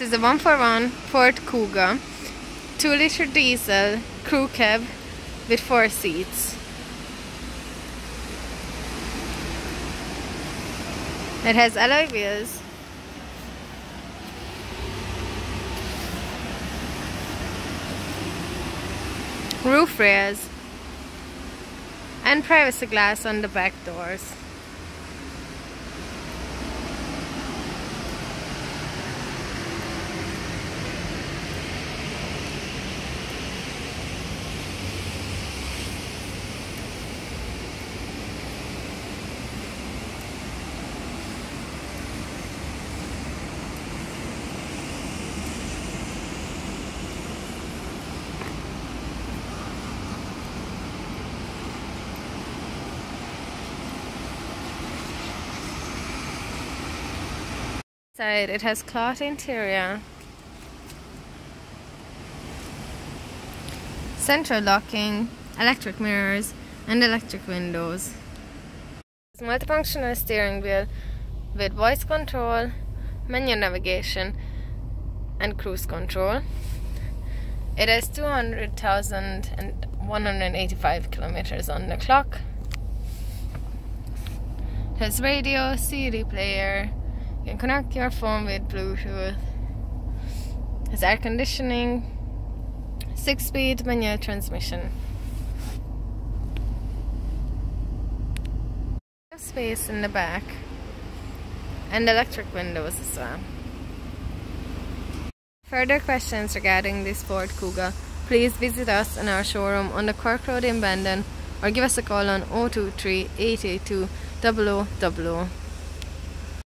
This is a one for one Ford Kuga, 2 liter diesel crew cab with 4 seats. It has alloy wheels. Roof rails and privacy glass on the back doors. It has cloth interior. Central locking, electric mirrors, and electric windows. It's multifunctional steering wheel with voice control, menu navigation, and cruise control. It has 200,185 kilometers on the clock. It has radio, CD player, you can connect your phone with Bluetooth. Has air conditioning, six-speed manual transmission. Space in the back and electric windows as well. Further questions regarding this Ford Kuga, please visit us in our showroom on the Cork Road in Bandon or give us a call on 023 882 0000.